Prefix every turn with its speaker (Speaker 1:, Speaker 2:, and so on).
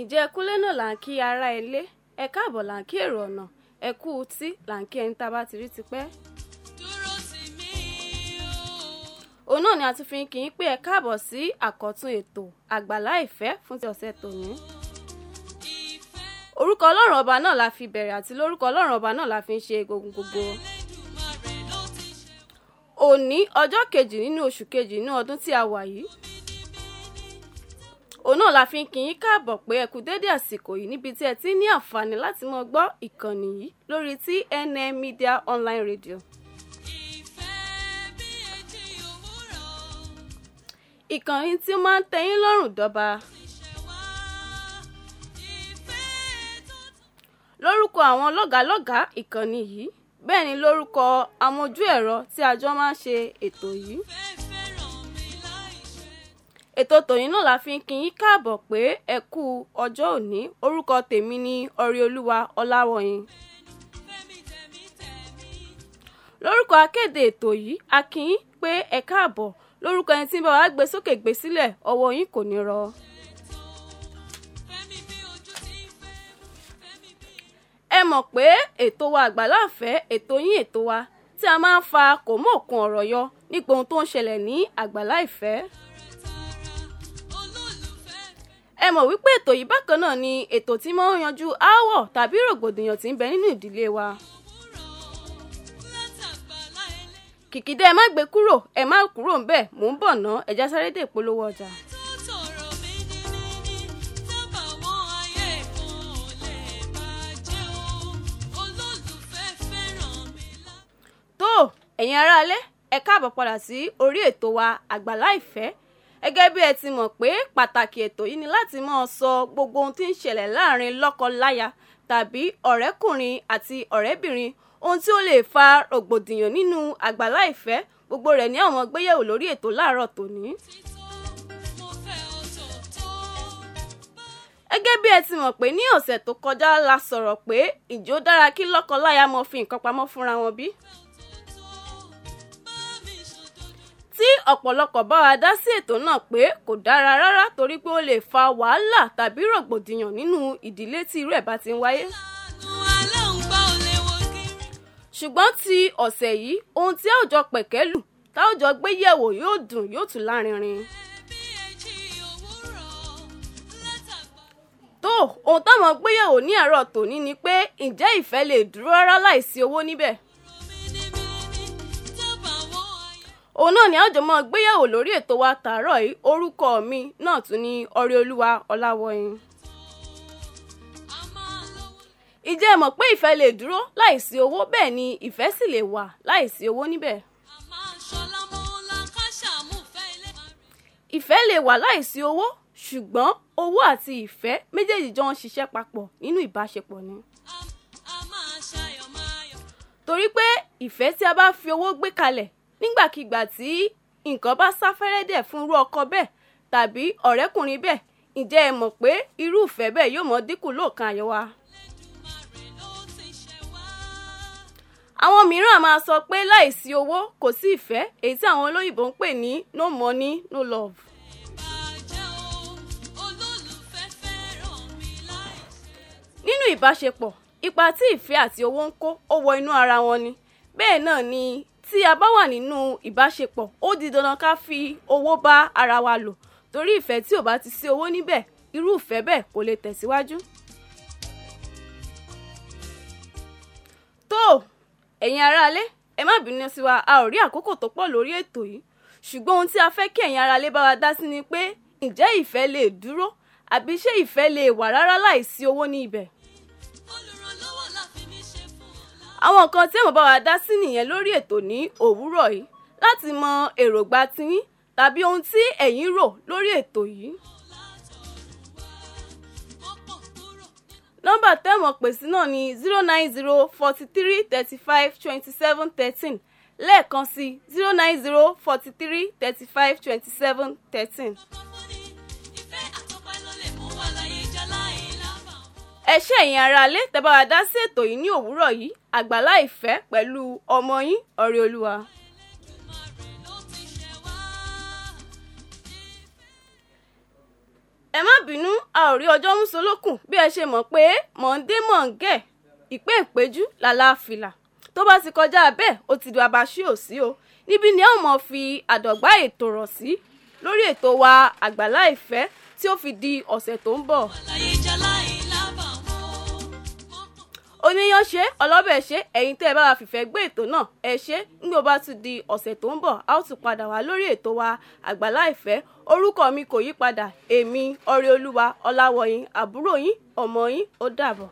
Speaker 1: ìjẹ́ kúnlé náà là ń kí ara ilé ẹ káàbọ̀ là ń kí èrò ọ̀nà ẹ kú tí là ń kí ẹni tá a bá ti rí tipẹ́. òun náà ni a ti fi kì í pé ẹ káàbọ̀ sí àkọ́tún ètò àgbàlá ìfẹ́ fún ti ọ̀sẹ̀ tòní. orúkọ ọlọ́run ọba náà la fi bẹ̀rẹ̀ àti lórúkọ ọlọ́run ọba náà la fi ń ṣe egungun gbogbo. òní ọjọ́ kejì nínú oṣù kejì nínú ọdún tí a wà yìí òun náà la fi ń kí yín káàbọ̀ pé ẹ kú dédé àsìkò yìí níbi tí ẹ ti ní àǹfààní láti mọ gbọ́ ìkànnì yìí lórí TNM Media Online Radio. ìkànnì tí ó máa ń tẹ́yín lọ́rùn dọ́ba. lórúkọ àwọn lọ́gàálọ́gàá ìkànnì yìí bẹ́ẹ̀ ni lórúkọ amójú ẹ̀rọ tí a máa ń ṣe ètò yìí ètò tòyìn náà la fi ń kin yín káàbọ̀ pé ẹ kú ọjọ́ òní orúkọ tèmi ni ọ̀rẹ́olúwa ọláwọ̀yìn. lórúkọ akéde ètò yìí a kí yín pé ẹ káàbọ̀ lórúkọ ẹni tí ń bá wa gbé sókè gbé sílẹ̀ ọwọ́ yín kò ní rọ. ẹ mọ̀ pé ètò wa àgbàláfẹ́ ètò yín ètò wa tí a máa ń fa kòmóòkun ọ̀rọ̀ yọ nípa ohun tó ń ṣẹlẹ̀ ní àgbàlá ẹ mọ̀ wípé ètò yìí bákan náà ni ètò tí máa ń yanjú aáwọ̀ tàbí rògbòdìyàn tí ń bẹ nínú ìdílé wa. kìkìdá ẹ má gbé kúrò ẹ má kúrò ń bẹ̀ mò ń bọ̀ ná ẹ̀já sáré dé ìpolówó ọjà. tó ẹ̀yin aráalé ẹ káàbọ̀ padà sí orí ètò wa àgbàlá ìfẹ́ gẹ́gẹ́ bí ẹ ti mọ̀ pé pàtàkì ètò yìí ni láti máa sọ gbogbo ohun tí ń ṣẹlẹ̀ láàrin lọ́kọ-láya tàbí ọ̀rẹ́kùnrin àti ọ̀rẹ́bìnrin ohun tí ó lè fa rògbòdìyàn nínú àgbàlá ìfẹ́ gbogbo rẹ̀ ni àwọn gbéyẹ̀wò lórí ètò láàárọ̀ tòní. gẹ́gẹ́ bí ẹ ti mọ̀ pé ní ọ̀sẹ̀ tó kọjá la sọ̀rọ̀ pé ìjó dára kí lọ́kọ-láya mọ fi nǹkan pamọ́ fúnra wọn bí. ọ̀pọ̀lọpọ̀ bá wa dá sí ètò náà pé kò dára rárá torí pé ó lè fa wàhálà tàbí rògbòdìyàn nínú ìdílé tí irú ẹ̀ bá ti ń wáyé ṣùgbọ́n ti ọ̀sẹ̀ yìí ohun tí àwùjọ pẹ̀kẹ́lù táwùjọ gbé yẹ̀wò yóò dùn yóò tún lárinrin. tó ohun táwọn gbé ní àárọ̀ tòní ni pé ǹjẹ́ ìfẹ́ lè dúró rárá láìsí owó níbẹ̀. òun náà ni a ó jọ máa gbéyàwó lórí ètò wa tààrọ̀ yìí orúkọ mi náà tún ní Ọrẹ́olúwa Ọláwọyìn. ìjẹ́ mọ̀ pé ìfẹ́ lè dúró láìsí owó bẹ́ẹ̀ ni ìfẹ́ sì lè wà láìsí owó níbẹ̀. ìfẹ́ lè wà láìsí owó ṣùgbọ́n owó àti ìfẹ́ méjèèjì jọ ń ṣiṣẹ́ papọ̀ nínú ìbáṣepọ̀ ni. torí pé ìfẹ́ tí a bá fi owó gbé kalẹ̀ nígbàkigbà tí nǹkan bá sáfẹ́rẹ́ dẹ̀ fún irú ọkọ bẹ́ẹ̀ tàbí ọ̀rẹ́kùnrin bẹ́ẹ̀ ǹjẹ́ ẹ mọ̀ pé irú ìfẹ́ bẹ́ẹ̀ yóò mọ dínkù lóòkan ayọ̀ wa. àwọn mìíràn a máa sọ pé láìsí owó kò sí ìfẹ́ èyí tí àwọn olóyìnbó ń pè ní no money no love. nínú ìbáṣepọ̀ ipa tí ìfẹ́ àti owó ń kó ó wọ inú ara wọn ni bẹ́ẹ̀ náà ni tí a bá wà nínú ìbáṣepọ̀ ó di dandan ká fi owó bá ara wa lò torí ìfẹ́ tí ò bá ti sí owó níbẹ̀ irú ìfẹ́ bẹ́ẹ̀ kò lè tẹ̀síwájú. tó ẹ̀yin aráalé ẹ má bínú sí wa a ò rí àkókò tó pọ̀ lórí ètò yìí ṣùgbọ́n ohun tí a fẹ́ kí ẹ̀yin aráalé bá wa dá sí ni pé ǹjẹ́ ìfẹ́ lè dúró àbí ṣé ìfẹ́ lè wà rárá láìsí owó ní ibẹ̀? àwọn nǹkan tí èèmọ̀ bá wa dá sí nìyẹn lórí ètò ní òwúrọ̀ yìí láti mọ èròǹgbà tiyín tàbí ohun tí ẹ̀yin rò lórí ètò yìí. nọ́mbà tẹ́mọ̀ pè náà ni zero nine zero forty three thirty five twenty seven thirteen lẹ́ẹ̀kan sí zero nine zero forty three thirty five twenty seven thirteen. ẹ ṣé ẹ̀yin aráalé tẹ́ bá wa dá sí ètò yìí ní òwúrọ̀ yìí àgbàlá ìfẹ́ pẹ̀lú ọmọ yín Ọ̀rẹ́olúwa. ẹ má bínú a ò rí ọjọ́ múso lókùn bí ẹ ṣe mọ̀ pé mọ̀ǹdé mọ̀ǹgẹ̀ ìpé ìpéjú làlàáfìlà tó bá ti kọjá bẹ́ẹ̀ ó ti di abàṣí òsí o níbi ni a ó mọ̀ fi àdọ̀gbá ètò rọ̀ sí lórí ètò wa àgbàlá ìfẹ́ tí ó fi di ọ̀sẹ̀ tó ń bọ̀. oníyan ṣe ọlọ́bẹ̀ ṣe ẹ̀yin tẹ́ ẹ bá wa fìfẹ́ gbé ètò náà ẹ ṣe nígbà bá tún di ọ̀sẹ̀ tó ń bọ̀ a ó tún padà wá lórí ètò wa àgbàlá ìfẹ́ orúkọ mi kò yí padà èmi ọ̀rẹ́ olúwa ọláwọ̀yìn àbúrò yín ọmọ yín ó dàbọ̀.